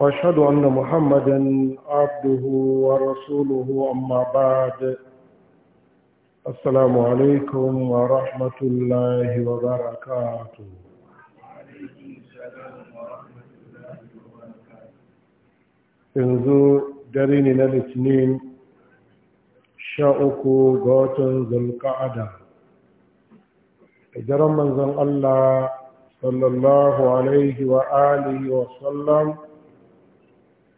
واشهد ان محمدا عبده ورسوله اما بعد السلام عليكم ورحمه الله وبركاته yanzu dare ne na litinin sha uku ga watan zulka'ada idan manzon allah sallallahu alaihi wa alihi wa sallam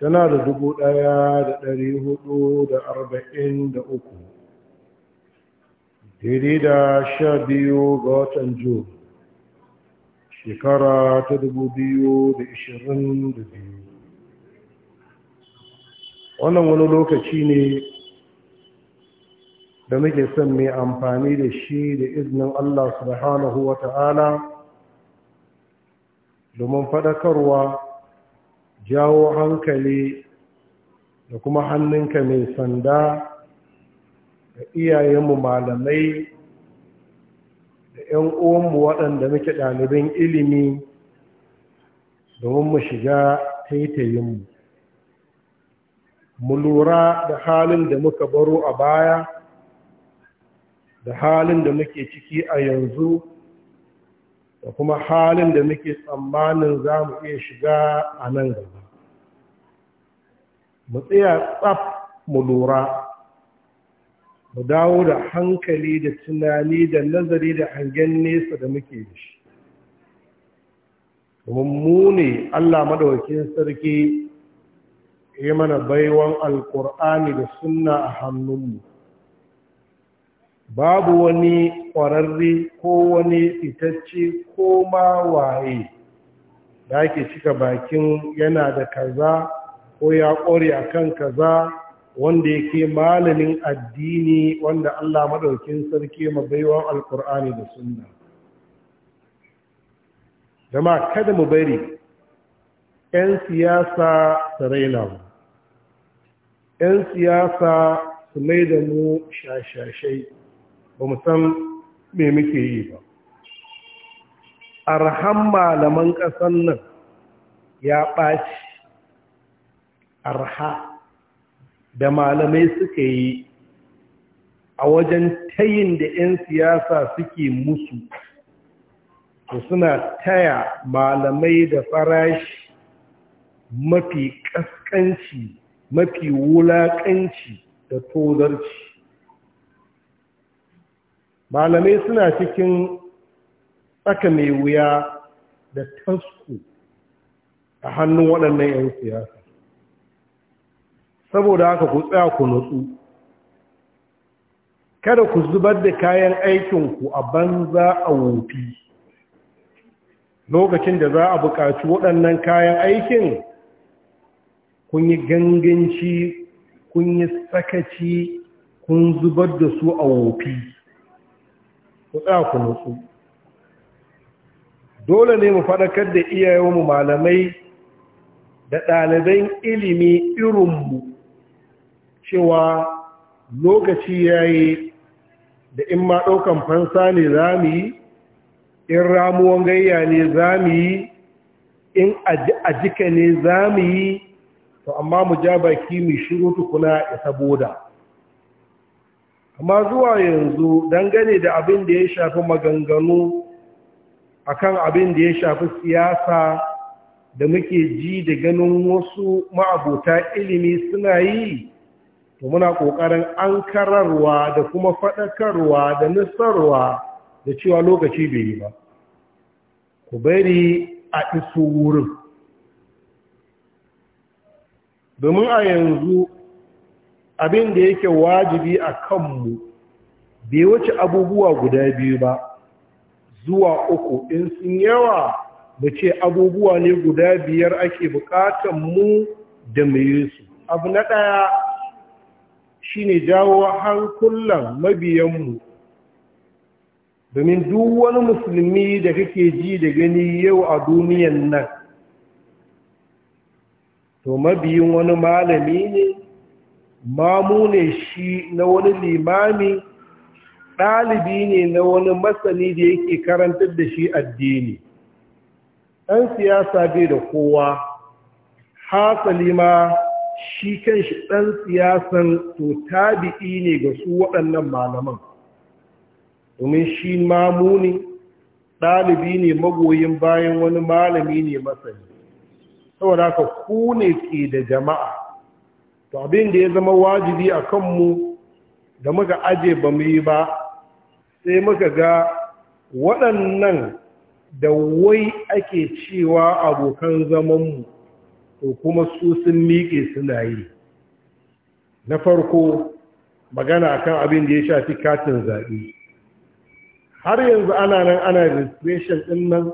tana da dubu ɗaya da ɗari hudu da arba'in da uku daidai da sha biyu ga watan jun shekara ta dubu biyu da ishirin da biyu wannan wani lokaci ne da muke son mai amfani da shi da izinin allah subhanahu wa ta'ala domin faɗakarwa jawo hankali da kuma hannunka mai sanda da iyayenmu malamai da 'yan uwanmu waɗanda muke ɗaliban ilimi domin mu shiga taitayinmu mu lura da halin da muka baro a baya da halin da muke ciki a yanzu da kuma halin da muke tsammanin za mu iya shiga a nan gaba mu tsaya tsaf mu lura mu dawo da hankali da tunani da nazari da hangen nesa da muke da shi mu allah madawakin sarki yi mana baiwan alkur'ani da sunna a hannunmu babu wani ƙwararre ko wani fitacce ko ma waye da ake cika bakin yana da kaza ko ya ƙware a kan kaza wanda yake malamin addini wanda Allah maɗaukin sarki ma baiwa alkur'ani da sunna jama kada mu bari 'yan siyasa su raina mu 'yan siyasa su mai da mu shashashai ba mu san me muke yi ba arham malaman ƙasan nan ya ɓaci arha da malamai suka yi a wajen tayin da 'yan siyasa suke musu to suna taya malamai da farashi mafi ƙasƙanci mafi wulaƙanci da tozarci malamai suna cikin tsaka mai wuya da tasku a hannun waɗannan 'yan siyasa saboda haka ku tsaya ku nutsu kada ku zubar da kayan aikinku a banza a wofi lokacin da za a buƙaci waɗannan kayan aikin kun yi ganganci kun yi tsakaci kun zubar da su a wofi ku tsaya ku nutsu dole ne mu faɗakar da iyayenmu malamai da ɗaliban ilimi irinmu cewa lokaci yayi da in ma ɗaukan fansa ne za mu yi in ramuwan gayya ne za mu yi in ajika ne za mu yi to amma mu ja baki mu shiru tukuna ya saboda amma zuwa yanzu dangane da abin da ya shafi maganganu akan abin da ya shafi siyasa da muke ji da ganin wasu ma'abuta ilimi suna yi to muna ƙoƙarin an kararwa da kuma faɗakarwa da nisarwa da cewa lokaci bai yi ba ku bari a iso wurin domin a yanzu abin da yake wajibi a kanmu bai wuce abubuwa guda biyu ba zuwa uku in sun yawa mu ce abubuwa ne guda biyar ake bukatan mu da mu su abu na ɗaya shine jawo hankulan mabiyanmu domin duk wani musulmi da kake ji da gani yau a duniyan nan to mabiyin wani malami ne mamu ne shi na wani limami ɗalibi ne na wani masani da yake karantar da shi addini ɗan siyasa bai da kowa hasali ma shi kan shi ɗan siyasan to tabi'i ne ga su waɗannan malaman domin shi mamuni ɗalibi ne magoyin bayan wani malami ne masani saboda haka ku ne ke da jama'a to abin da ya zama wajibi a kanmu da muka aje ba mu yi ba sai muka ga waɗannan da wai ake cewa abokan zamanmu to kuma su sun miƙe suna yi na farko magana kan abin da ya shafi katin zaɓe har yanzu ana nan ana registration ɗin nan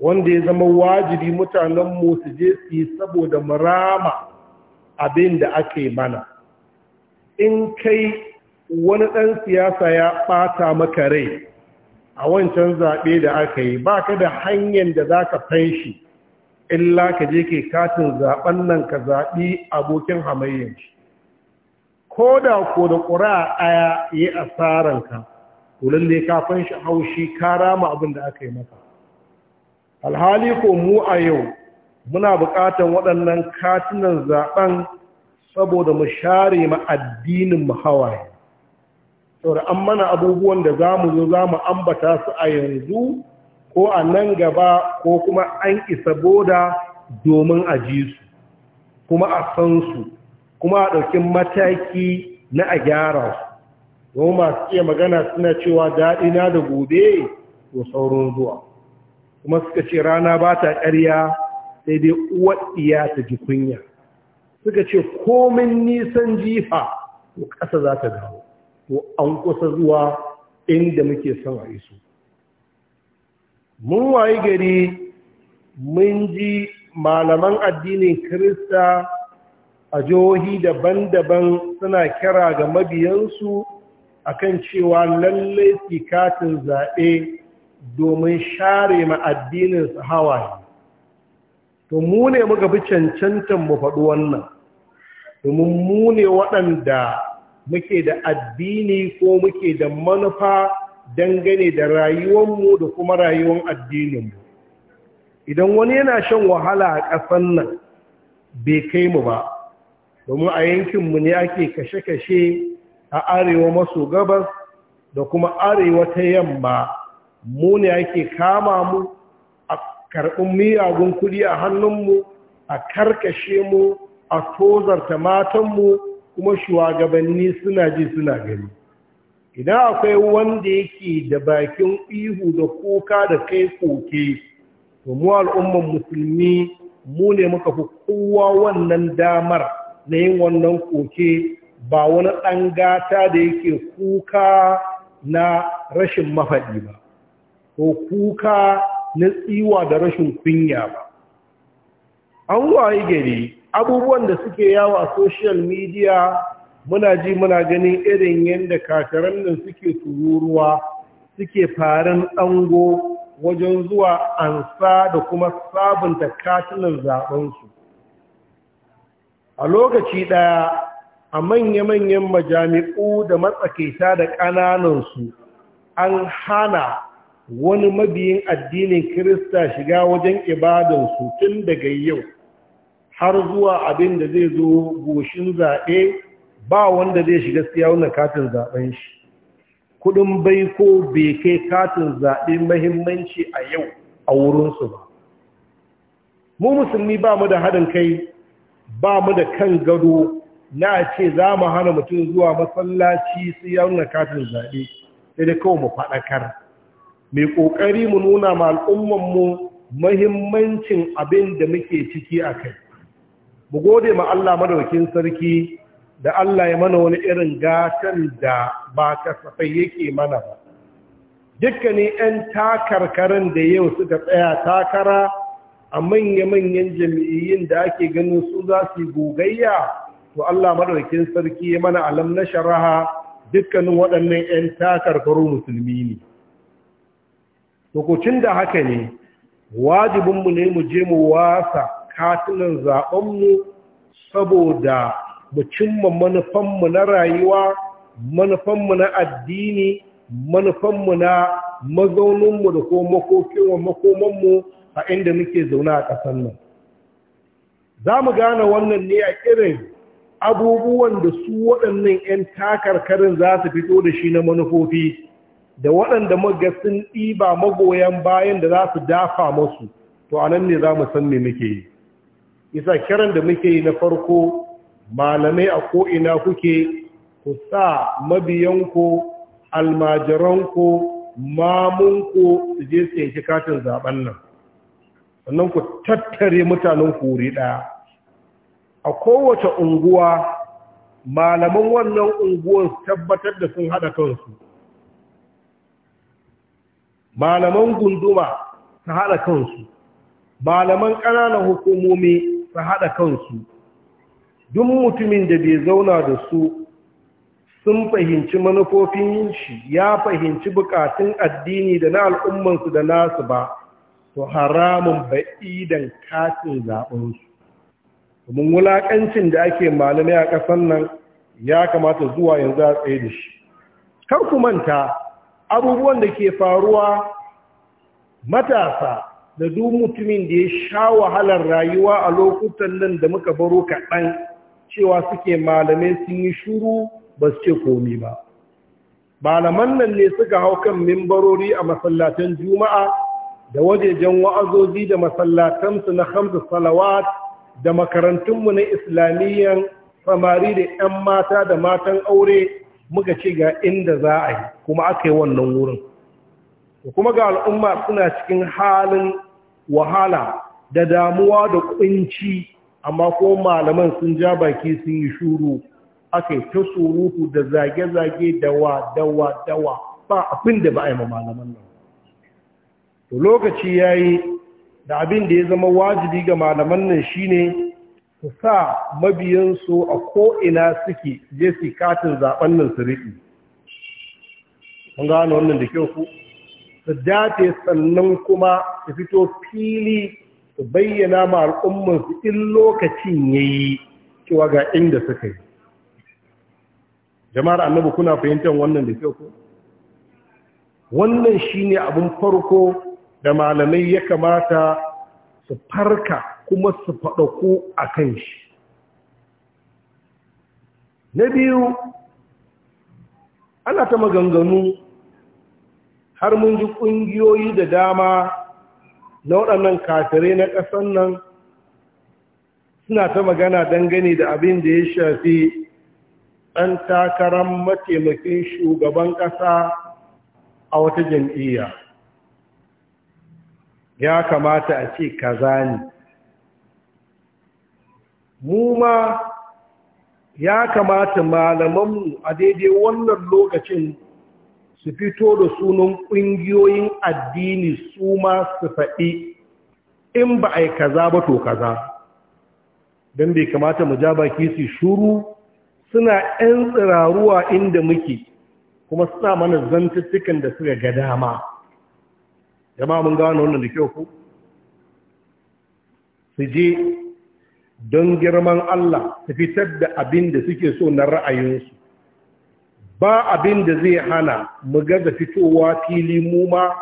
wanda ya zama wajibi mutanenmu su je su yi saboda murama. abin da ake mana in kai wani ɗan siyasa ya ɓata maka rai a wancan zaɓe da aka yi ba ka da hanyar da za ka fai shi illa ka je ke katin zaɓen nan ka zaɓi abokin hamayyar shi ko da ko da ƙura ɗaya yi asaranka ko lalle ka fan shi haushi ka rama abin da aka yi maka alhali ko mu a yau muna buƙatar waɗannan katunan zaɓen saboda mu share ma addinin mu hawaye saboda an mana abubuwan da za mu zo za mu ambata su a yanzu ko a nan gaba ko kuma an isa boda domin a ji su kuma a san su kuma a ɗauki mataki na a gyara su don masu iya magana suna cewa daɗi na da gobe to saurin zuwa kuma suka ce rana ba ta ƙarya sai dai uwar ji kunya suka ce komin nisan jifa to ƙasa za ta dawo to an kusa zuwa inda muke son a iso mun waye gari mun ji malaman addinin kirista a jihohi daban-daban suna kira ga mabiyansu a kan cewa lallai katin zaɓe domin share ma addininsu hawaye to mu ne muka fi cancantan mu faɗi wannan domin mu ne waɗanda muke da addini ko muke da manufa dangane da rayuwanmu da kuma rayuwan mu? idan wani yana shan wahala a ƙasan nan bai kai mu ba domin a yankinmu ne ake kashe-kashe a arewa maso gabas da kuma arewa ta yamma mu ne ake kama mu karɓin miyagun kuɗi a hannunmu a karkashe mu a tozarta matanmu kuma shugabanni suna ji suna gani idan akwai wanda yake da bakin ihu da kuka da kai koke to mu al'umman musulmi mu ne muka fi kowa wannan damar na yin wannan koke ba wani ɗan gata da yake kuka na rashin mafaɗi ba ko kuka na tsiwa da rashin kunya ba an waye gari abubuwan da suke yawa a social media muna ji muna ganin irin yadda kakarar nan suke tururuwa suke farin ɗango wajen zuwa ansa da kuma sabunta katunan zaɓensu a lokaci ɗaya a manya-manyan majami'u da matsakaita da ƙananansu an hana wani mabiyin addinin Kirista shiga wajen ibadansu tun daga yau har zuwa abin da zai zo goshin zaɓe ba wanda zai shiga siya wani katin zaɓen shi kudin baiko bai kai katin zaɓe mahimmanci a yau a wurinsu ba mu musulmi ba mu da haɗin kai ba mu da kan gado na ce za mu hana mutum zuwa masallaci siya wani katin zaɓe sai da kawo mu faɗakar mai ƙoƙari mu nuna ma mu mahimmancin abin da muke ciki a kai mu gode ma Allah madaukin sarki da Allah ya mana wani irin gatan da ba kasafai yake mana ba dukkanin 'yan takarkarin da yau suka tsaya takara a manya-manyan jami'in da ake ganin su za su gogayya to Allah madaukin sarki ya mana alam na sharaha dukkanin waɗannan 'yan takarkaru musulmi ne hukucin da haka ne wajibinmu ne mu je mu wasa katunan zaɓenmu saboda mu cimma manufanmu na rayuwa manufanmu na addini manufanmu na mazauninmu da ko makokinwa makomanmu a inda muke zaune a ƙasar nan za mu gane wannan ne a irin abubuwan da su waɗannan 'yan takarkarin za su fito da shi na manufofi da waɗanda muga sun ɗiba magoyan bayan da za su dafa masu to anan ne za mu san me muke yi isa kiran da muke yi na farko malamai a ko'ina kuke ku sa mabiyanku almajiranku mamunku su je su yanki katin zaben nan sannan ku tattare mutanen kuri ɗaya a kowace unguwa malaman wannan unguwan tabbatar da sun haɗa kansu malaman gunduma su haɗa kansu malaman ƙananan hukumomi su haɗa kansu duk mutumin da bai zauna da su sun fahimci manufofin shi ya fahimci bukatun addini da na al'ummansu da nasu ba to haramun ba'idan katin zaɓensu domin wulaƙancin da ake malamai a ƙasar nan ya kamata zuwa yanzu a tsaye da shi kar ku manta abubuwan da ke faruwa matasa da duk mutumin da ya sha wahalar rayuwa a lokutan nan da muka baro kaɗan cewa suke malamai sun yi shuru ba su ce komi ba malaman nan ne suka hau kan mimbarori a masallatan juma'a da wajejen wa'azozi da masallatansu na hamsu salawat da makarantunmu na islamiyyan samari da 'yan mata da matan aure muka ce ga inda za a yi kuma aka yi wannan wurin kuma ga al'umma suna cikin halin wahala da damuwa da kunci amma ko malaman sun ja baki sun yi shuru aka yi ta surutu da zage-zage dawa dawa dawa ba abin da ba a yi malaman nan to lokaci ya yi da abin da ya zama wajibi ga malaman nan shine su sa mabiyansu a ko'ina suke je su katin zaɓen nan su riƙi gano wannan da kyau ku su dace sannan kuma su fito fili su bayyana ma al'ummansu in lokacin ya yi cewa ga inda suka yi jama'ar annabu kuna fahimtar wannan da kyau ku wannan shi ne abin farko da malamai ya kamata su farka kuma su faɗaƙo a kan shi na biyu ana ta maganganu har mun ji ƙungiyoyi da dama na waɗannan kafirai na ƙasan nan suna ta magana dangane da abin da ya shafi ɗan takarar mataimakin shugaban ƙasa a wata jam'iyya ya kamata a ce kaza ne mu ma ya kamata malamanmu a daidai wannan lokacin su fito da sunan ƙungiyoyin addini su ma su faɗi in ba a yi kaza ba to kaza don bai kamata mu ja baki su shuru suna 'yan tsiraruwa inda muke kuma suna mana zantuttukan da suka ga dama jama'a mun gano wannan da kyau ku su je don girman Allah su fitar da abin da suke so na ra'ayinsu ba abin da zai hana mu gaza fitowa fili mu ma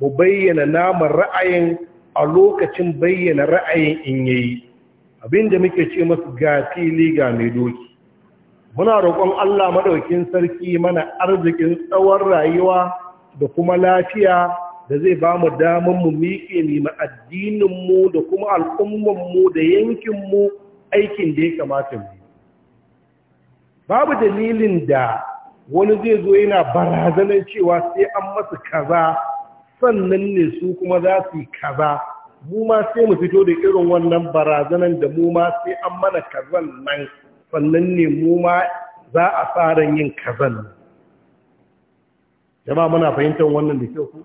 mu bayyana namun ra'ayin a lokacin bayyana ra'ayin in yayi abin da muke ce masu ga fili ga mai doki muna roƙon Allah maɗaukin sarki mana arzikin tsawon rayuwa da kuma lafiya da zai ba mu damar mu miƙe nima addininmu da kuma al'umman mu da yankinmu aikin da ya kamata mu babu dalilin da wani zai zo yana barazanar cewa sai an masa kaza sannan ne su kuma za su yi kaza mu ma sai mu fito da irin wannan barazanar da mu ma sai an mana kazan nan sannan ne mu ma za a tsarin yin kazan jama'a muna fahimtar wannan da kyau ku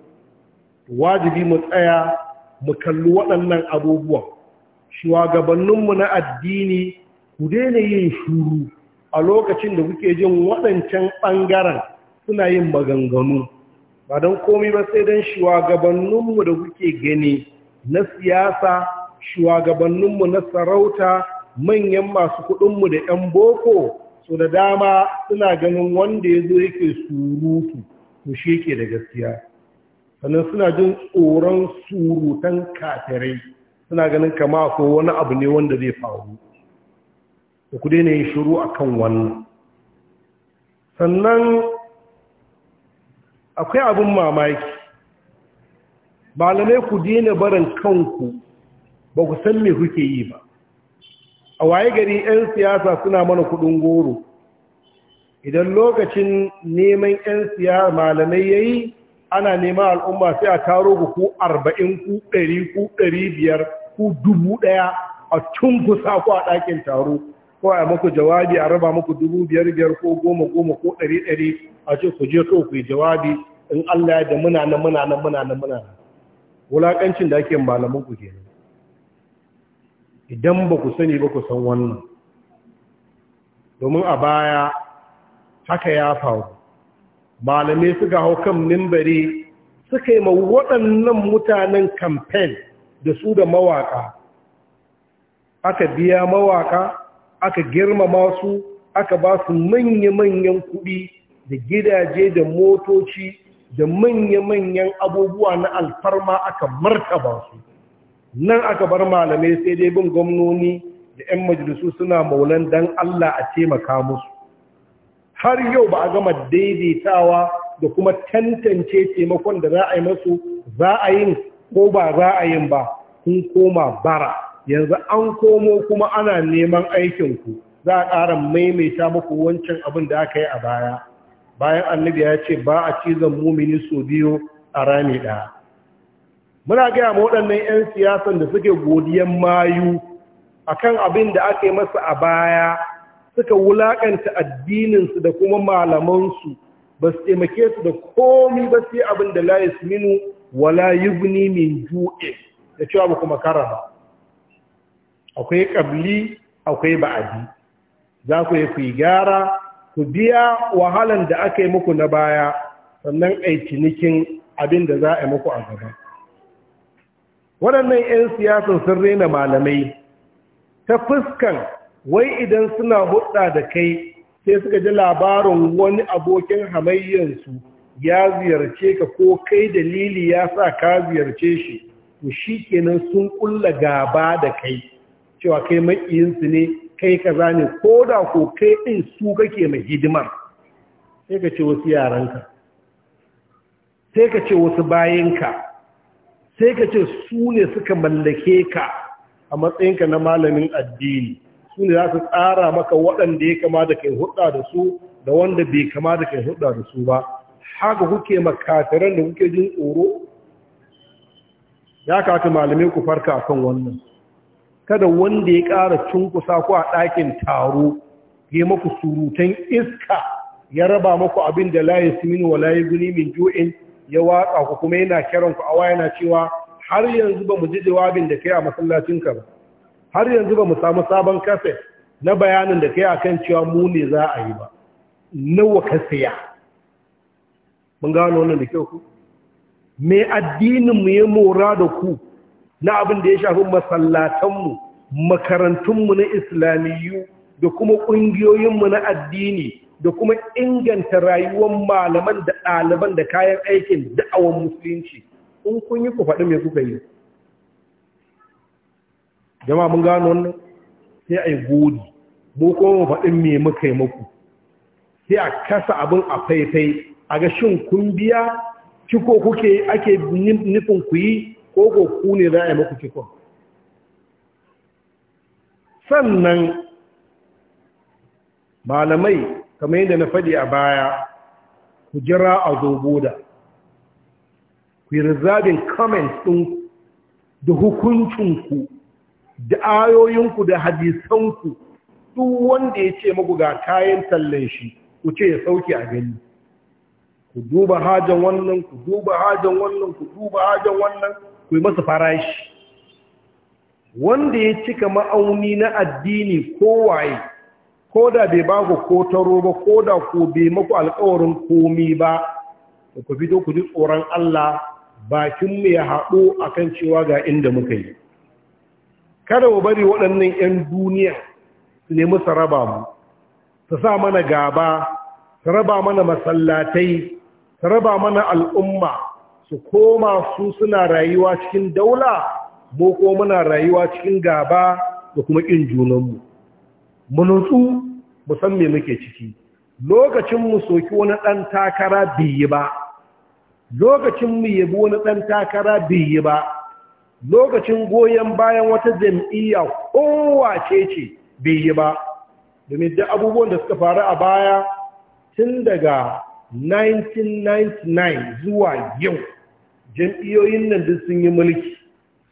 wajibi mu tsaya mu kalli waɗannan abubuwan shugabanninmu na addini ku daina yin shuru a lokacin da kuke jin waɗancan ɓangaren suna yin maganganu ba don komi ba sai don shugabanninmu da kuke gani na siyasa shugabanninmu na sarauta manyan masu kuɗinmu da 'yan boko so da dama suna ganin wanda ya zo yake surutu ku shi yake da gaskiya sannan suna jin tsoron surutan kafirai suna ganin kama ko wani abu ne wanda zai faru da ku daina yin shiru a kan wannan sannan akwai abin mamaki malamai ku dina barin kanku ba ku san me kuke yi ba a waye gari 'yan siyasa suna mana kudin goro idan lokacin neman 'yan siyasa malamai ya yi ana neman al'umma sai a taro ku arba'in ku ɗari ku ɗari biyar ku dubu ɗaya a kusa ku a ɗakin taro ko a muku jawabi a raba muku dubu biyar biyar ko goma goma ko ɗari ɗari a ce ku je to ku yi jawabi in Allah ya da muna nan muna nan muna nan muna nan wulaƙancin da ake malamin ku kenan idan ba ku sani ba ku san wannan domin a baya haka ya faru malamai suka hau kan mimbari suka yi ma waɗannan mutanen kamfen da su da mawaƙa, aka biya mawaƙa, aka girmama su aka ba su manya-manyan kuɗi da gidaje da motoci da manya-manyan abubuwa na alfarma aka martaba su nan aka bar malamai sai dai bin gwamnoni da 'yan majalisu suna maulan dan Allah a taimaka musu har yau ba a gama daidaitawa da kuma tantance taimakon da za a yi masu za a yin ko ba za a yin ba kun koma bara yanzu an komo kuma ana neman aikinku za a ƙara maimaita muku wancan abin da aka yi a baya bayan annabi ya ce ba a cizon mumini sau biyu a rami ɗaya muna gaya ma waɗannan 'yan siyasan da suke godiyan mayu akan abin da aka yi masa a baya suka wulakanta addininsu da kuma malamansu ba su taimake su da komi ba sai abin da la yasminu wala yubni min ju'i da cewa ba kuma Karama. akwai kabli akwai ba'adi za ku yi ku gyara ku biya wahalan da aka yi muku na baya sannan ai cinikin abin da za a yi muku a gaba waɗannan 'yan siyasan sun raina malamai ta fuskan wai idan suna hudda da kai sai suka ji labarin wani abokin hamayyansu ya ziyarce ka ko kai dalili ya sa ka ziyarce shi to shi kenan sun kulla gaba da kai cewa kai maƙiyinsu ne kai ka zane ko da ko kai ɗin su kake mai hidimar sai ka ce wasu yaranka sai ka ce wasu bayanka sai ka ce su ne suka mallake ka a matsayinka na malamin addini su ne za su tsara maka waɗanda ya kama da kai hudda da su da wanda bai kama da kai hudda da su ba haka kuke makataran da kuke jin tsoro ya kaka malamai ku farka kan wannan kada wanda ya ƙara cunkusa ku a ɗakin taro ya maku surutan iska ya raba maku abin da layi simini wa layi guni min ju'in ya watsa ku kuma yana kiran ku A awa yana cewa har yanzu ba mu ji jawabin da kai a masallacinka ba har yanzu ba mu samu sabon kafe na bayanin da kai akan cewa mu ne za a yi ba nawa ka siya mun gano wannan da kyau ku me addinin mu ya mora da ku na abin da ya shafi masallatan masallatanmu makarantunmu na islamiyyu da kuma ƙungiyoyinmu na addini da kuma inganta rayuwar malaman da ɗaliban da kayan aikin da'awar musulunci in kun yi ku faɗi me kuka yi jama'a mun gano wannan sai a yi godi mu kuma faɗin me muka yi muku sai a kasa abin a faifai a ga shin kun biya ciko kuke ake nufin ku yi ko ko ku ne za a yi muku cikon sannan malamai kamar yadda na faɗi a baya ku jira a zobo da ku yi rizabin comments ɗin da hukuncinku da ayoyinku da hadisanku duk wanda ya ce magu ga kayan tallan shi ku ce ya sauke a gani ku duba hajan wannan ku duba hajan wannan ku duba hajan wannan ku yi masa farashi wanda ya cika ma'auni na addini kowaye ko da bai ba ku ko taro ba ko da ku bai maku alkawarin komi ba ku fito ku ji tsoron Allah bakin mu ya haɗo akan cewa ga inda muka yi kada mu bari waɗannan 'yan duniya su nemi su raba mu su sa mana gaba su raba mana masallatai su raba mana al'umma su koma su suna rayuwa cikin daula mu ko muna rayuwa cikin gaba da kuma ƙin junanmu munutsu nutsu me muke ciki lokacin mu soki wani ɗan takara biyi ba lokacin mu yabi wani ɗan takara biyi ba lokacin goyon bayan wata jam'iyya kowace ce bai yi ba domin da abubuwan da suka faru a baya tun daga 1999 zuwa yau jam'iyyoyin nan duk sun yi mulki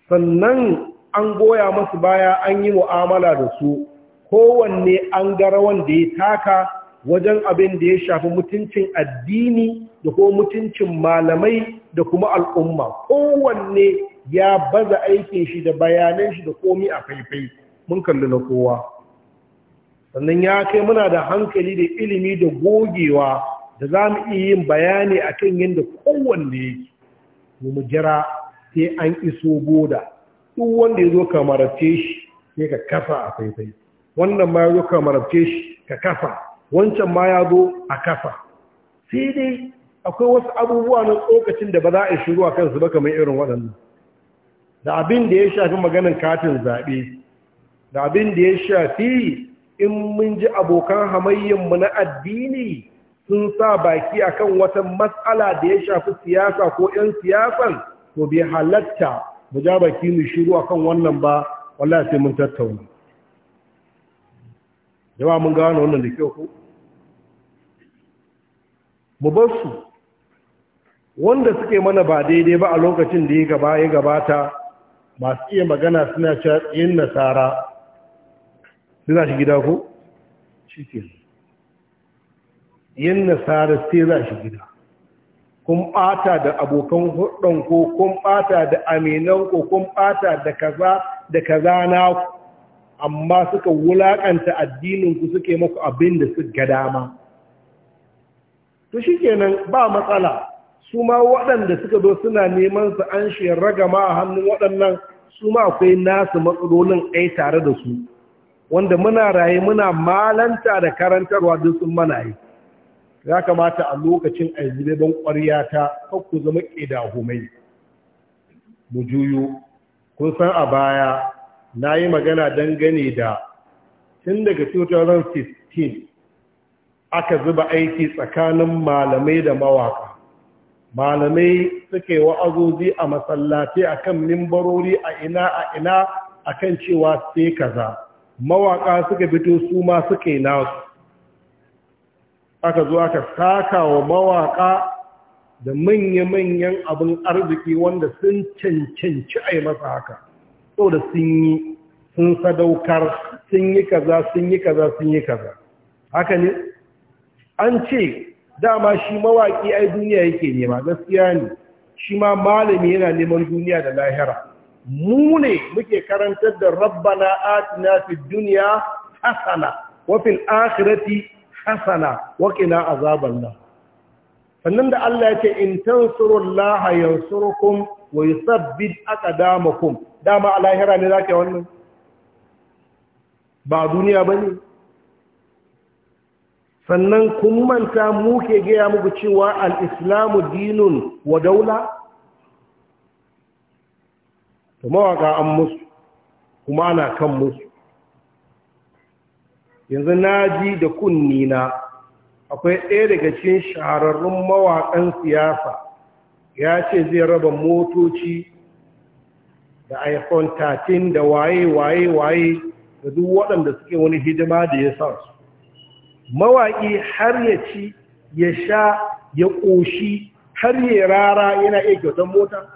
sannan an goya masu baya an yi mu'amala da su kowanne an gara wanda ya taka wajen abin da ya shafi mutuncin addini da kuma mutuncin malamai da kuma al'umma kowanne ya baza aikin shi da bayanan shi da komi a faifai mun kalli na kowa sannan ya kai muna da hankali da ilimi da gogewa da za mu iya yin bayani a kan yadda kowanne ke mu jira sai an iso boda duk wanda ya zo kamarce shi sai ka kafa a faifai wannan ma ya zo kamarce shi ka kafa wancan ma ya zo a kafa sai dai akwai wasu abubuwa na tsokacin da ba za a yi shiru a kansu ba kamar irin waɗannan da abin da ya shafi maganin katin zaɓe da abin da ya shafi in mun ji abokan hamayyanmu na addini sun sa baki akan wata matsala da ya shafi siyasa ko 'yan siyasan to bai halatta mu ja baki mu shiru akan wannan ba wallahi sai mun tattauna jama'a mun gano wannan da kyau ko mu bar su wanda suke mana ba daidai ba a lokacin da ya gaba ya gabata masu iya magana suna cewa yin nasara suna shi gida ko? shi ke yin nasara sai za shi gida kun ɓata da abokan hudun ko kun ɓata da aminan ko kun ɓata da kaza da kaza na ku amma suka wulaƙanta addininku suke maku abin da su ga dama to shi nan ba matsala su ma waɗanda suka zo suna neman su an shi ragama a hannun waɗannan su ma akwai nasu matsalolin ai tare da su wanda muna raye muna malanta da karantarwa duk sun mana yi ya kamata a lokacin aizube don ta hakku zama humai mu juyo kun san a baya na yi magana dangane da tun daga 2016 aka zuba aiki tsakanin malamai da mawaka malamai suke wa'azozi a masallaci kan mimbarori a ina a ina a kan cewa sai kaza mawaka suka fito su ma suke nasu aka zo aka saka wa mawaka da manya-manyan abin arziki wanda sun cancanci a yi masa haka so da sun yi sun sadaukar sun yi kaza sun yi kaza sun yi kaza haka ne an ce dama shi mawaƙi ai duniya yake nema gaskiya ne shi ma malami yana neman duniya da lahira mu ne muke karantar da rabbana atina fid dunya hasana wa fil akhirati hasana wa qina azabannar sannan da Allah ya ce in tansurullaha yansurukum wa yusabbit aqdamakum dama a lahira ne zaka wannan ba duniya bane sannan kun manta muke gaya muku cewa al'islamu dinun wa daula? ta mawaka an musu kuma ana kan musu yanzu na ji da kunnina akwai ɗaya daga cikin shahararrun mawaƙan siyasa ya ce zai raba motoci da iphone 13 da waye waye waye da duk waɗanda suke wani hidima da ya sa su mawaƙi har ya ci ya sha ya ƙoshi har ya rara yana iya kyautar mota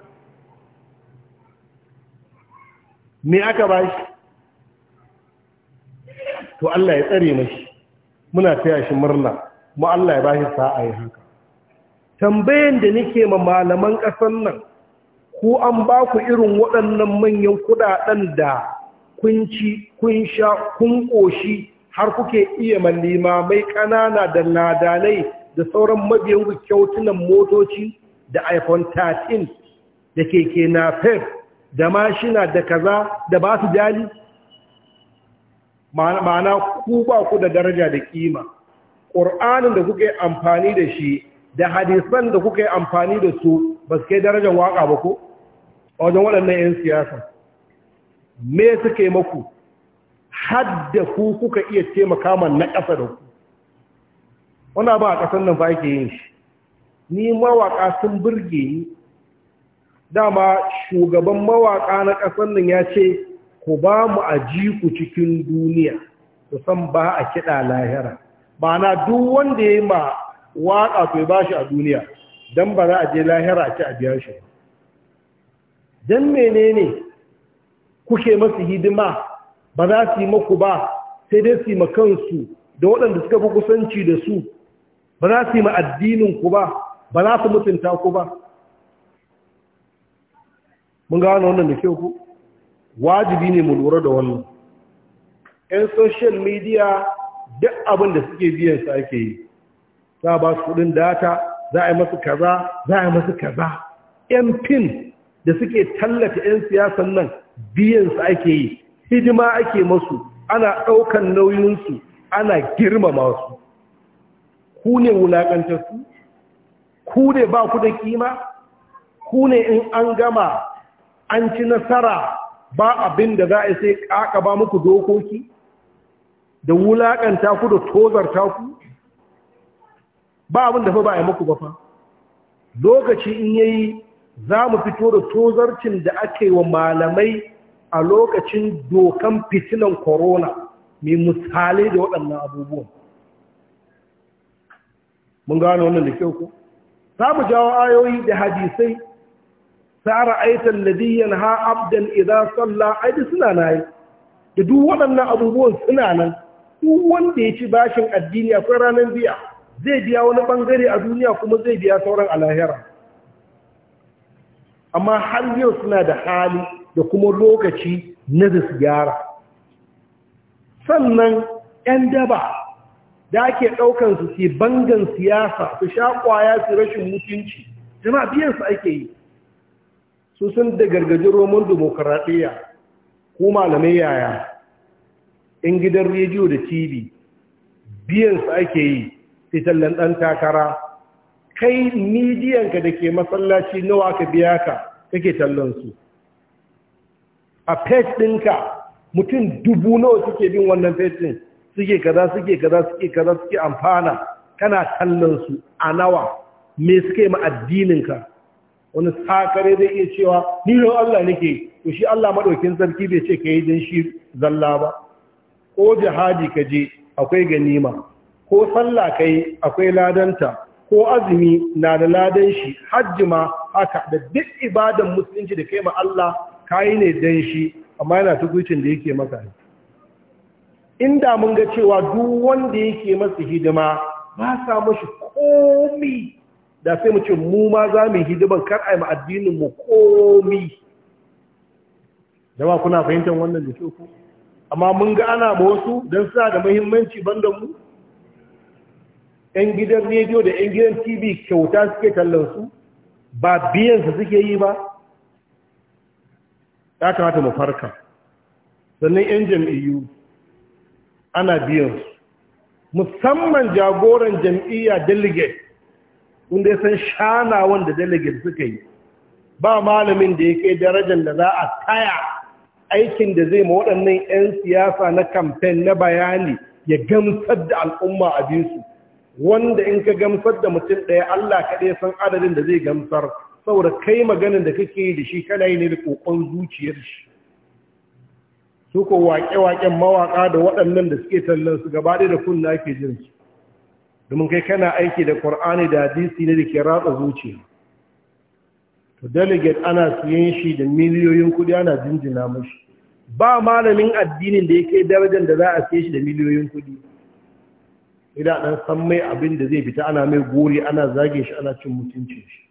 me aka ba shi to Allah ya tsare mashi muna taya shi murna ma Allah ya ba shi sa'a ya haka tambayan da nake ma malaman ƙasar nan ko an ba ku irin waɗannan manyan kuɗaɗen da kun ci kun sha kun ƙoshi har kuke iya mallima mai ƙanana da ladanai da sauran mabiyan kyautunan motoci da iphone 13 da keke na pep da mashina da kaza da ba su jali ma'ana ku ba ku da daraja da kima ƙur'anin da kuke amfani da shi da hadisan da kuke amfani da su ba su kai darajar waƙa ba ko a wajen waɗannan 'yan siyasa me suke maku hadda ku kuka iya taimaka man na ƙasa da ku wanda ba a ƙasar nan fa yake yin shi ni mawaƙa sun burge ni dama shugaban mawaƙa na ƙasar nan ya ce ku ba mu a ji ku cikin duniya ku san ba a kiɗa lahira ba na duk wanda ya yi ma waƙa to ba shi a duniya don ba za a je lahira a ci a biya shi don menene kuke masu hidima ba za su yi maku ba sai dai su yi ma kansu da waɗanda suka fi kusanci da su ba za su yi ma ba ba za su mutunta ku ba mun ga wani wannan da ke ku wajibi ne mu lura da wannan 'yan social media duk abin da suke biyan su ake yi za ba su kudin data za a yi masu kaza za a yi masu kaza 'yan pin da suke tallata 'yan siyasan nan biyan su ake yi hidima ake masu ana ɗaukan nauyinsu ana girmama su ku ne wulaƙantarsu ku ne ba ku da kima ku ne in an gama an ci nasara ba abin da za a sai ƙaƙa ba muku dokoki da wulaƙanta ku da tozarta ku ba abin da ba a yi muku ba fa lokaci in yayi za mu fito da tozarcin da ake wa malamai a lokacin dokan fitilan korona mai misali da waɗannan abubuwan mun gano wannan da kyau ku za mu jawo ayoyi da hadisai tsara aitan ladiyan ha abdan idan sallah aidi suna na yi da duk waɗannan abubuwan suna nan duk wanda ya ci bashin addini akwai ranar biya zai biya wani ɓangare a duniya kuma zai biya sauran a amma har yau suna da hali da kuma lokaci na su gyara sannan 'yan daba da ake ɗaukan su ke bangan siyasa su sha ƙwaya su rashin mutunci jama biyansu ake yi su sun da gargajin roman demokaradiyya ko malamai yaya Yan gidan rediyo da tv biyansu ake yi sai tallan ɗan takara kai midiyanka da ke masallaci nawa ka biya ka kake tallansu a page ɗinka mutum dubu nawa suke bin wannan page ɗin suke kaza suke kaza suke kaza suke amfana kana kallon su a nawa me suke ma addininka wani sakare zai iya cewa ni don Allah nake to shi Allah madaukin sarki bai ce ka yi don shi zalla ba ko jihadi ka je akwai ganima ko sallah ka akwai ladanta ko azumi na da ladan shi hajji ma haka da duk ibadan musulunci da kai ma Allah kayi ne dan shi amma yana tukucin da yake maka inda mun ga cewa duk wanda yake masa hidima ba sa mashi komi da sai mu ce mu ma za mu hidiman kar a yi addinin mu komi ba kuna fahimtar wannan da ke ku amma mun ga ana ba wasu don sa da muhimmanci banda mu ‘yan gidan rediyo da ‘yan gidan tv kyauta suke su? ba biyan biyansa suke yi ba ya kamata mu farka sannan 'yan jam'iyyu ana biyan musamman jagoran jam'iyya delegate wanda ya san shanawan da delegate suka yi ba malamin da ya kai darajar da za a taya aikin da zai ma waɗannan 'yan siyasa na kamfen na bayani ya gamsar da al'umma a bisu wanda in ka gamsar da mutum ɗaya Allah kaɗai san adadin da zai gamsar saboda kai maganin da kake yi da shi kana yi ne da kokon zuciyar shi su ko waƙe-waƙen mawaƙa da waɗannan da suke tallan su gaba da kunna ke jin domin kai kana aiki da ƙur'ani da hadisi ne da ke ratsa zuciya to delegate ana siyan shi da miliyoyin kuɗi ana jinjina mashi ba malamin addinin da ya kai darajar da za a siye shi da miliyoyin kuɗi idan ɗan san mai abin da zai fita ana mai gori ana zage shi ana cin mutuncin shi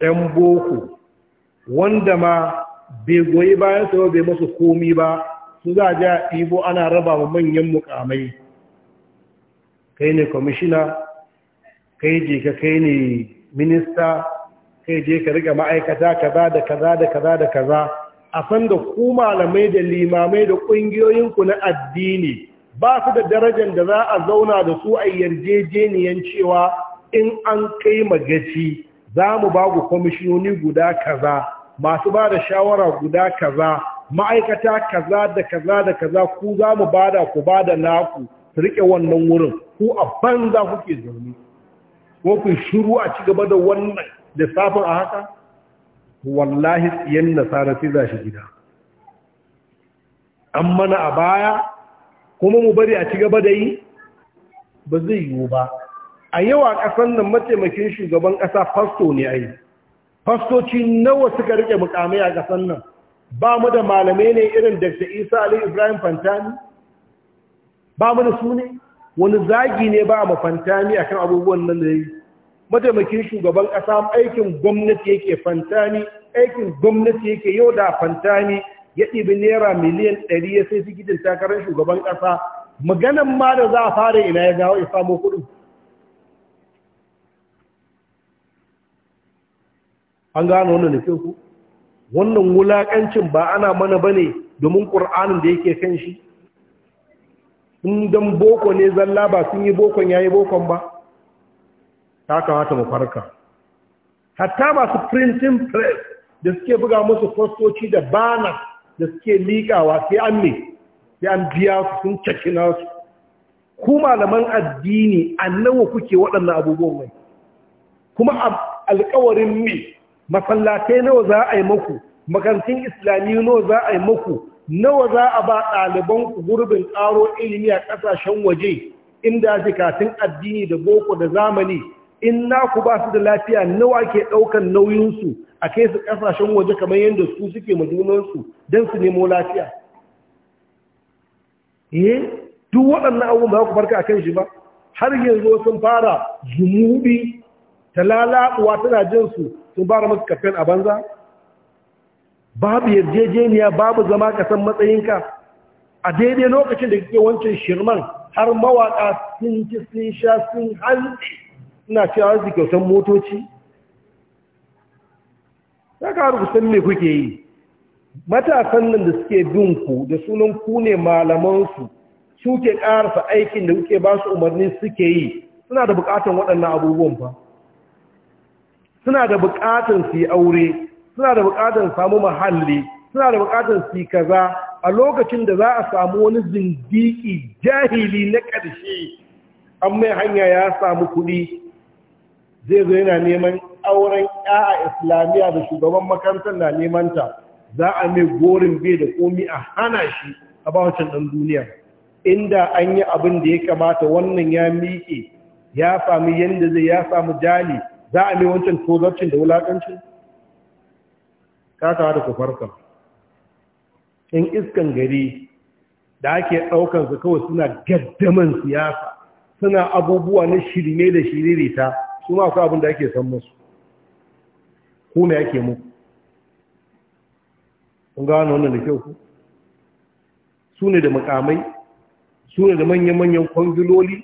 ɗan boko wanda ma bai goyi bayan sa bai masu komi ba su za a ji a ana raba wa manyan mukamai kai ne kwamishina kai je ka kai ne minista kai je ka riga ma'aikata kaza da kaza da kaza da kaza a san da ku malamai da limamai da ƙungiyoyinku na addini ba su da darajar da za a zauna da su a yarjejeniyan cewa in an kai magaci za mu ba ku kwamishinoni guda kaza masu ba da shawara guda kaza ma'aikata kaza da kaza da kaza ku za mu ba da ku ba da naku su riƙe wannan wurin ku a banza kuke zaune ko ku shiru a ci gaba da wannan lissafin a haka wallahi tsiyan nasara sai za shi gida an mana a baya kuma mu bari a ci gaba da yi ba zai yiwu ba a yawa ƙasar nan mataimakin shugaban ƙasa fasto ne a yi fastoci nawa suka rike mukamai a ƙasar nan ba mu da malamai ne irin dr isa ali ibrahim fantani ba mu da su ne wani zagi ne ba mu fantani akan abubuwan nan da yi mataimakin shugaban ƙasa aikin gwamnati yake fantani aikin gwamnati yake yau da fantani ya ɗibi naira miliyan ɗari ya sai gidan takarar shugaban ƙasa maganan ma da za a fara ina ya gawo ya samo kuɗin an gano wannan da wannan wulakancin ba ana mana bane domin qur'anin da yake kan shi in dan boko ne zalla ba sun yi bokon yayi bokon ba ta kamata mu farka hatta masu printing press da suke buga musu fostoci da bana da suke likawa sai an me sai an biya su sun cakina su ku malaman addini annawa kuke waɗannan abubuwan mai kuma alkawarin me masallatai nawa za a yi maku makarantun islamiyu nawa za a yi maku nawa za a ba ɗaliban gurbin ƙaro ilimi a ƙasashen waje inda zikatun addini da boko da zamani in naku ba su da lafiya nawa ke ɗaukan nauyinsu a kai su ƙasashen waje kamar yadda su suke majunansu don su nemo lafiya eh duk waɗannan abubuwan ba ku farka a kan shi ba har yanzu sun fara zumubi ta tana jinsu sun fara masu kafin a banza babu yarjejeniya babu zama kasan matsayinka a daidai lokacin da kake wancan shirman har mawaƙa sun ci sun sha sun halci suna cewa su kyautan motoci ta karu kusan me kuke yi matasan nan da suke bin ku da sunan ku ne malamansu suke ƙarasa aikin da kuke ba su umarni suke yi suna da buƙatar waɗannan abubuwan ba suna da bukatun su yi aure suna da bukatun samu mahalli suna da bukatun su yi kaza a lokacin da za a samu wani zindiki jahili na ƙarshe an mai hanya ya samu kuɗi zai zo yana neman auren a islamiyya da shugaban makarantar na nemanta. ta za a mai gorin bai da komi a hana shi a bawacin ɗan duniya inda an yi abin da ya kamata wannan ya miƙe ya sami yadda zai ya samu jali za a mai wancan tozarcin da wulaƙancin kakawa da kufarka in iskan gari da ake ɗaukansa kawai suna gaddaman siyasa suna abubuwa na shirme da shiririta su ma akwai abin da ake san musu ko me ake muku kun gano wannan da kyau ku su ne da makamai su ne da manya-manyan kwangiloli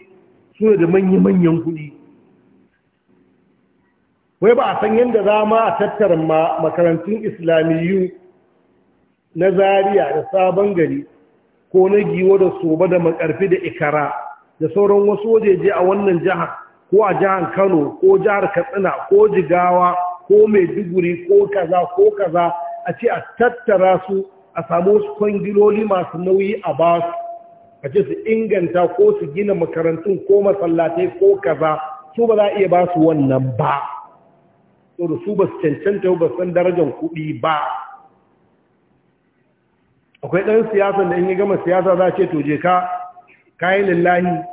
su ne da manya-manyan kuɗi wai ba a san yadda za ma a tattara makarantun islamiyu na Zariya da sabon gari ko na giwo da soba da makarfi da ikara da sauran wasu wajeje a wannan jihar ko a jihar kano ko jihar katsina ko jigawa ko maiduguri ko kaza ko kaza a ce a tattara su a samu wasu kwangiloli masu nauyi a ba su a ce su inganta ko su gina makarantun ko masallatai ko kaza su ba za a iya ba su wannan ba saboda su ba su cancanta ba san darajar kuɗi ba akwai ɗan siyasa da in yi gama siyasa za a ce to je ka kayan lallahi.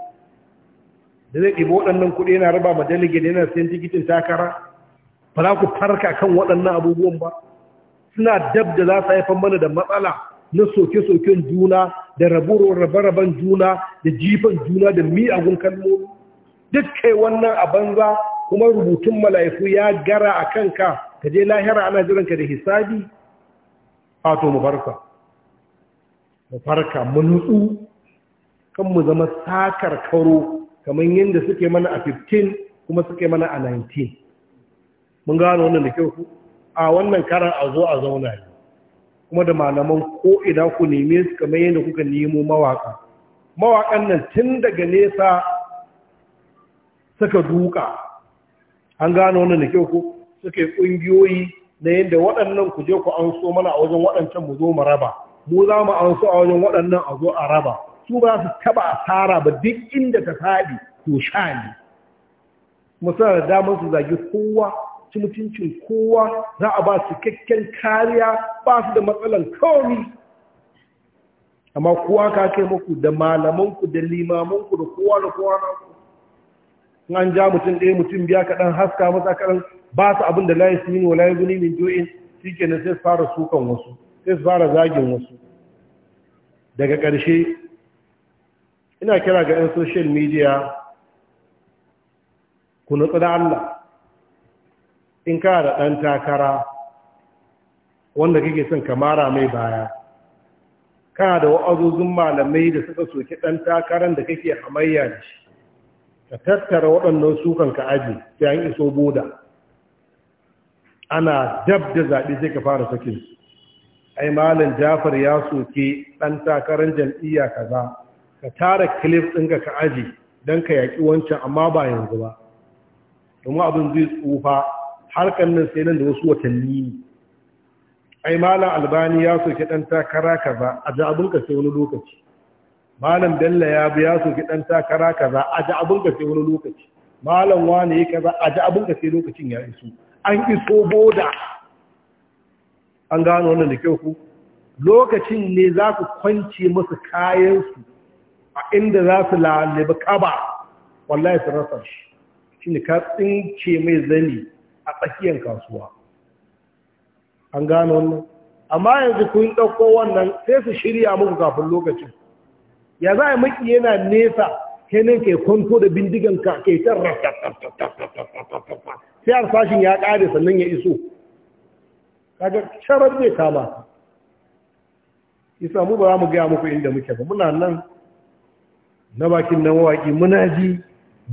da zai ɗiba waɗannan kuɗi yana raba ma dalige yana sayan tikitin takara ba za ku farka kan waɗannan abubuwan ba suna dab da za su haifar mana da matsala na soke-soken juna da rabe-raben juna da jifan juna da miyagun kalmomi duk kai wannan a banza kuma rubutun mala'iku ya gara a kanka ka je lahira ana jiranka da hisabi fato mu farka mu farka mu nutsu kan mu zama sakar karo kamar yadda suke mana a 15 kuma suke mana a 19 mun gano wannan da kyau a wannan karar a zo a zauna ne kuma da malaman ko ina ku neme su kamar yadda kuka nemo mawaka mawakan nan tun daga nesa suka duka an gano wannan da kyau ko suka yi ƙungiyoyi na yadda waɗannan ku je ku an so mana a wajen waɗancan mu zo mu raba mu za mu an so a wajen waɗannan a zo a raba su ba su taɓa asara ba duk inda ta faɗi to sha ne musamman da damar su zagi kowa ci mutuncin kowa za a ba su cikakken kariya ba su da matsalan kawai amma kowa ka kai muku da malamanku da limamanku da kowa da kowa na ku in an ja mutum ɗaya mutum biya kaɗan haska masa kaɗan ba su abin da layi su yi wa layi guni min jo'in shi kenan sai su fara sukan wasu sai su fara zagin wasu daga ƙarshe ina kira ga 'yan social media ku nutsu da Allah in ka da ɗan takara wanda kake son kamara mai baya ka da wa'azozin malamai da suka soke ɗan takarar da kake hamayya da shi ka tattara waɗannan sukan ka aji sai an iso boda ana dab da zaɓe sai ka fara sakin ai malam jafar ya soke ɗan takarar jam'iyya kaza ka tara kilif ɗinka ka aji don ka yaƙi wancan amma ba yanzu ba domin abin zai tsufa harkar nan sai nan da wasu watanni ne ai malam albani ya soke ɗan takara kaza a ji abin ka sai wani lokaci malam dalla ya biya su ki dan takara kaza a ji abin ka sai wani lokaci malam wani ya kaza a ji abin ka sai lokacin ya iso an iso boda an gano wannan da kyau ku lokacin ne za ku kwance musu kayansu a inda za su lalabi kaba wallahi su rasa shi shi ne ka tsince mai zani a tsakiyar kasuwa an gano wannan amma yanzu kun ɗauko wannan sai su shirya muku kafin lokacin ya za a maki yana nesa kai nan kai kwanto da bindigan ka kai ta sai harsashin ya ƙare sannan ya iso kaga sharar zai kama isa mu ba za mu gaya muku inda muke ba muna nan na bakin nan waƙi muna ji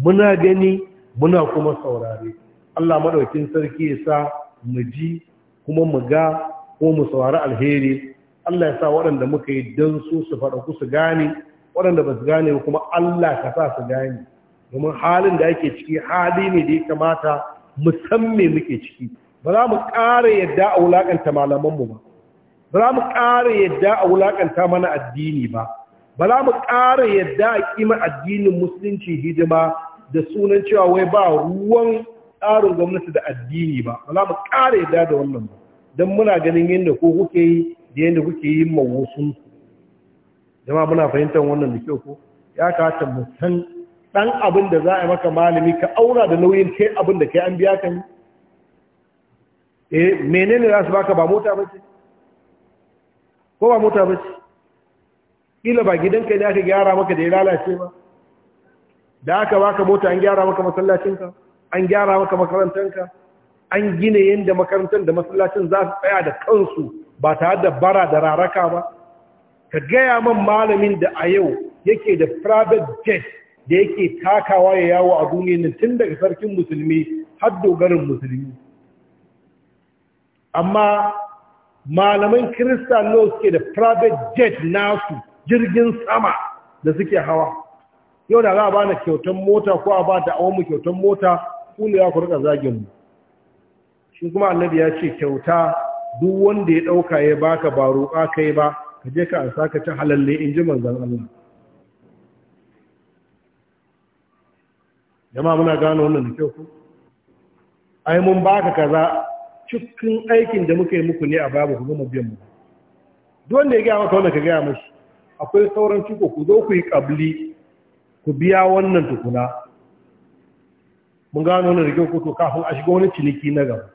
muna gani muna kuma saurare Allah maɗaukin sarki ya sa mu ji kuma mu ga ko mu saurari alheri Allah ya sa waɗanda muka yi don su su faɗa ku su gane waɗanda ba su gane kuma Allah ka sa su gane domin halin da ake ciki hali ne da ya kamata mu san musamman muke ciki ba za mu ƙara yadda a wulaƙanta malamanmu ba ba za mu ƙara yadda a wulaƙanta mana addini ba ba za mu ƙara yadda a ƙima addinin musulunci hidima da sunan cewa wai ba ruwan tsarin gwamnati da addini ba ba za mu ƙara yadda da wannan ba don muna ganin yadda ko kuke yi da yadda kuke yi ma wasu jama'a muna fahimtar wannan da kyau ko ya kata mu san dan abin da za a yi maka malami ka aura da nauyin kai abin da kai an biya ka ne eh menene za su baka ba mota bace ko ba mota bace kila ba gidan kai ne aka gyara maka da ya lalace ba da aka baka mota an gyara maka masallacinka an gyara maka ka an gina yadda makarantar da masallacin za su tsaya da kansu ba tare da bara da raraka ba ka gaya man malamin da a yau yake da private jet da yake takawa ya yawo a duniya nan tun daga sarkin musulmi har dogarin musulmi amma malaman kirista nawa suke da private jet nasu jirgin sama da suke hawa yau da za a bani kyautan mota ko a ba da mu kyautan mota kula ya kurka zagin mu shi kuma annabi ya ce kyauta duk wanda ya dauka ya baka ba roƙa kai ba ka je ka asa ka ci halalle in ji manzan Allah Yama muna gano wannan da kyau ku ai mun baka kaza cikin aikin da muka yi muku ne a babu ku gama biyan mu don da ya gaya maka wanda ka gaya mashi akwai sauran ciko ku zo ku yi kabli ku biya wannan tukuna mun gano wannan da kyau ku to kafin a shiga wani ciniki na gaba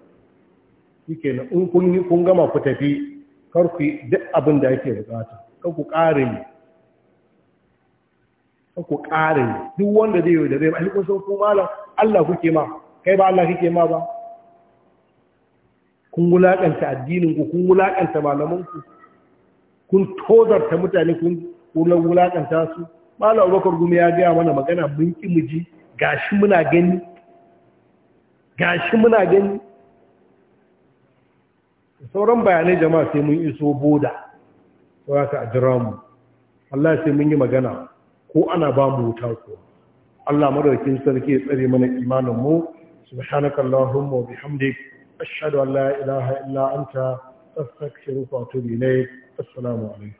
shikenan in kun gama ku tafi kar ku duk abin da yake bukata kar ku ƙare ne kar ku ƙare ne duk wanda zai yi da zai ba kun san ku malam Allah kuke ma kai ba Allah kake ma ba kun wulaƙanta addinin ku kun wulaƙanta malaman ku kun tozarta mutane kun wulaƙanta su malam Abubakar gumi ya gaya mana magana mun ki mu ji gashi muna gani gashi muna gani sauran bayanai jama'a sai mun iso boda ko ya ka jira mu Allah sai mun yi magana ko ana ba mu wuta ko Allah madaukakin sarki ya tsare mana imanin mu subhanaka allahumma wa bihamdik ashhadu an la ilaha illa anta astaghfiruka wa atubu ilayk assalamu alaikum